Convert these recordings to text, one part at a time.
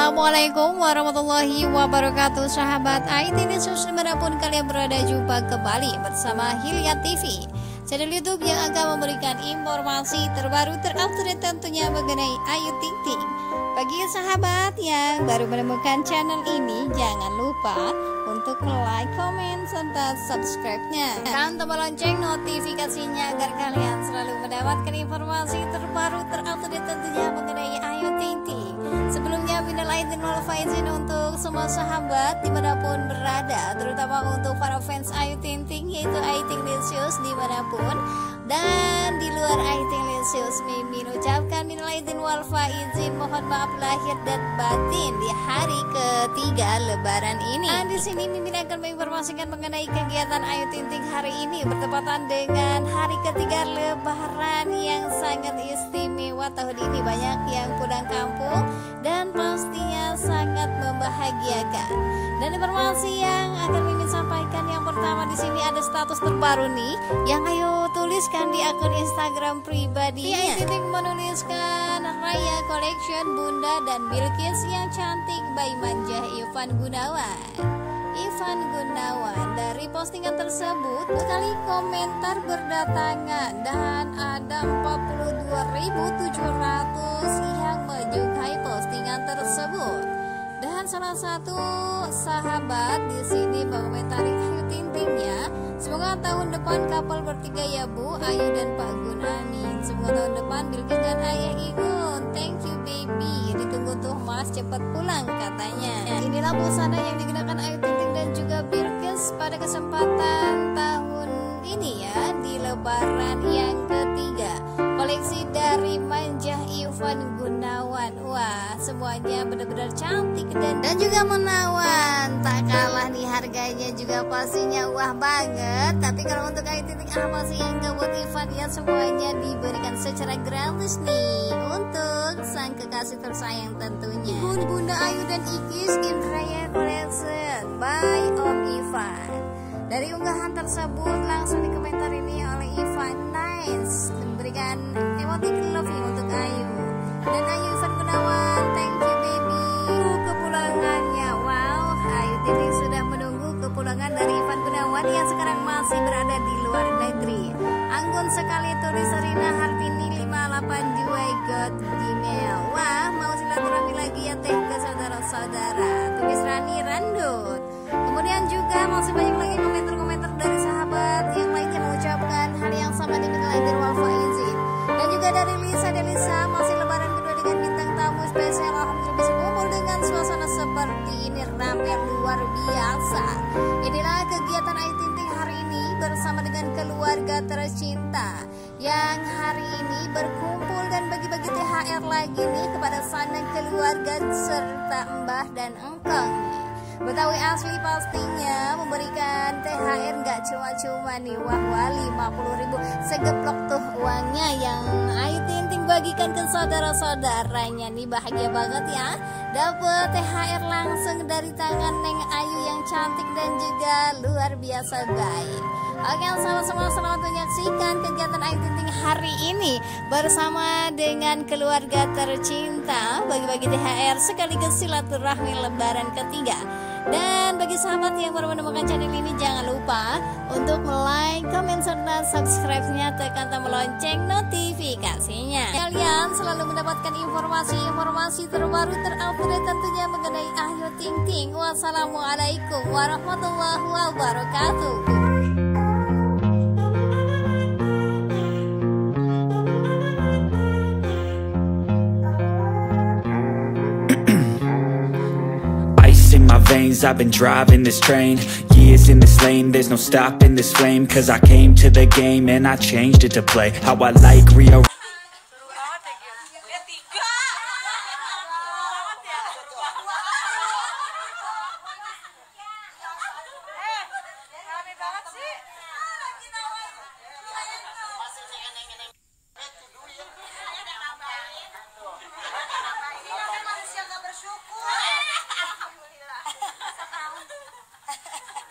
Assalamualaikum warahmatullahi wabarakatuh Sahabat IT News dimanapun kalian berada Jumpa kembali bersama Hilya TV Channel Youtube yang akan memberikan informasi terbaru terupdate tentunya mengenai Ayu Ting Ting Bagi sahabat yang baru menemukan channel ini Jangan lupa untuk like, comment, serta subscribe-nya Dan tombol lonceng notifikasinya agar kalian selalu mendapatkan informasi terbaru terupdate tentunya mengenai Ayu Ting Ting Mungkin izin untuk semua sahabat dimanapun berada Terutama untuk para fans Ayu Ting Ting yaitu Ayu Ting Lisius dimanapun Dan di luar Ayu Ting Lisius Mimin ucapkan minal Din walfa izin mohon maaf lahir dan batin di hari ke ketiga Lebaran ini. Dan ah, di sini Mimin akan menginformasikan mengenai kegiatan Ayu Ting Ting hari ini bertepatan dengan hari ketiga Lebaran yang sangat istimewa tahun ini. Banyak yang pulang kampung dan pastinya sangat membahagiakan. Dan informasi yang akan Mimin sampaikan yang pertama di sini ada status terbaru nih yang ayo tuliskan di akun Instagram pribadi. Iya, iya. Titik menuliskan Raya Collection Bunda dan Bilkis yang cantik by manja Ivan Gunawan. Ivan Gunawan dari postingan tersebut sekali komentar berdatangan dan ada 42.700 yang menyukai postingan tersebut salah satu sahabat di sini mengomentari Ayu Ting Ting ya. Semoga tahun depan kapal bertiga ya Bu, Ayu dan Pak Gun. Amin. Semoga tahun depan Bilgi dan Ayah Igun. Thank you baby. Ditunggu tuh Mas cepat pulang katanya. Ya, inilah busana yang digunakan Ayu Ting Ting dan juga Bilkis pada kesempatan tahun ini ya di Lebaran yang ketiga. Koleksi dari Manjah Ivan Gun semuanya benar-benar cantik dan dan juga menawan tak kalah nih harganya juga pastinya wah banget tapi kalau untuk kain titik apa sih yang gak buat Ivan ya semuanya diberikan secara gratis nih untuk sang kekasih tersayang tentunya Bun Bunda Ayu dan Ikis Indraya Collection by Om Ivan dari unggahan tersebut langsung dikomentar ini oleh Ivan Nice memberikan emotik love untuk Ayu dan Ayu saudara Tugas Rani Randut Kemudian juga masih banyak lagi komentar-komentar dari sahabat Yang lainnya mengucapkan hal yang sama dengan Ladir Walfa Izin Dan juga dari Lisa dan Masih lebaran kedua dengan bintang tamu spesial Alhamdulillah bisa kumpul dengan suasana seperti ini Ramai yang luar biasa Inilah kegiatan Ayu Tinting hari ini Bersama dengan keluarga tercinta yang hari ini berkumpul dan bagi-bagi THR lagi nih kepada sanak keluarga serta mbah dan engkong Betawi asli pastinya memberikan THR nggak cuma-cuma nih wah wah 50 ribu segeplok tuh uangnya yang ayu tinting bagikan ke saudara-saudaranya nih bahagia banget ya dapat THR langsung dari tangan Neng Ayu yang cantik dan juga luar biasa baik Oke, salam semua selamat menyaksikan kegiatan Ayu Ting Ting hari ini bersama dengan keluarga tercinta bagi-bagi THR sekaligus silaturahmi lebaran ketiga. Dan bagi sahabat yang baru menemukan channel ini jangan lupa untuk like, comment serta subscribe-nya tekan tombol lonceng notifikasinya. Kalian selalu mendapatkan informasi-informasi terbaru terupdate tentunya mengenai Ayu Ting Ting. Wassalamualaikum warahmatullahi wabarakatuh. I've been driving this train Years in this lane There's no stopping this flame Cause I came to the game And I changed it to play How I like rearrange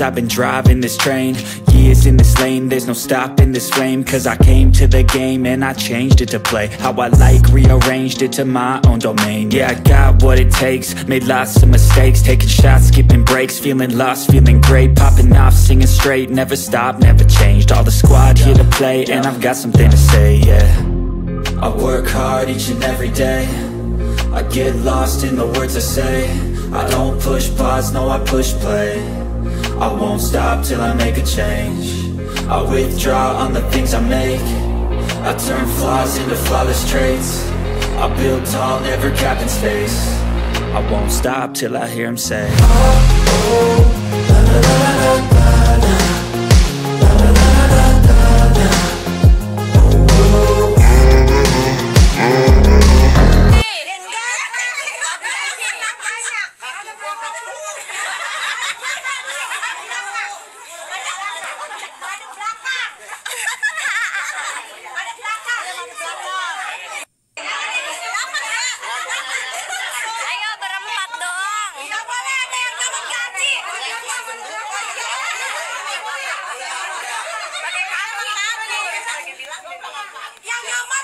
I've been driving this train Years in this lane, there's no stopping this flame Cause I came to the game and I changed it to play How I like, rearranged it to my own domain Yeah, I got what it takes, made lots of mistakes Taking shots, skipping breaks, feeling lost, feeling great Popping off, singing straight, never stopped, never changed All the squad here to play and I've got something to say, yeah I work hard each and every day I get lost in the words I say I don't push pause, no I push play I won't stop till I make a change I withdraw on the things I make I turn flaws into flawless traits I build tall, never cap in space I won't stop till I hear him say oh, oh. 娘娘妈。